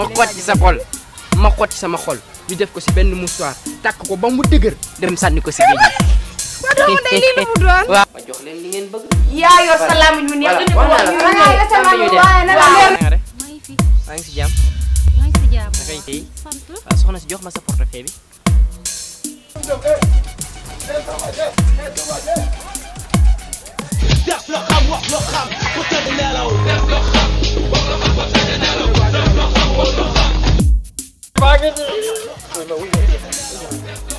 nga xoot ci sa xol ma xoot ci sama xol ñu def ko si benn mouchoir takk ko ba mu dëgër dem sànni ko si géej ngeen waaye na la maa ngi fi maa ngi si jox ma sa portefeuille bi. oui, mais oui, mais oui.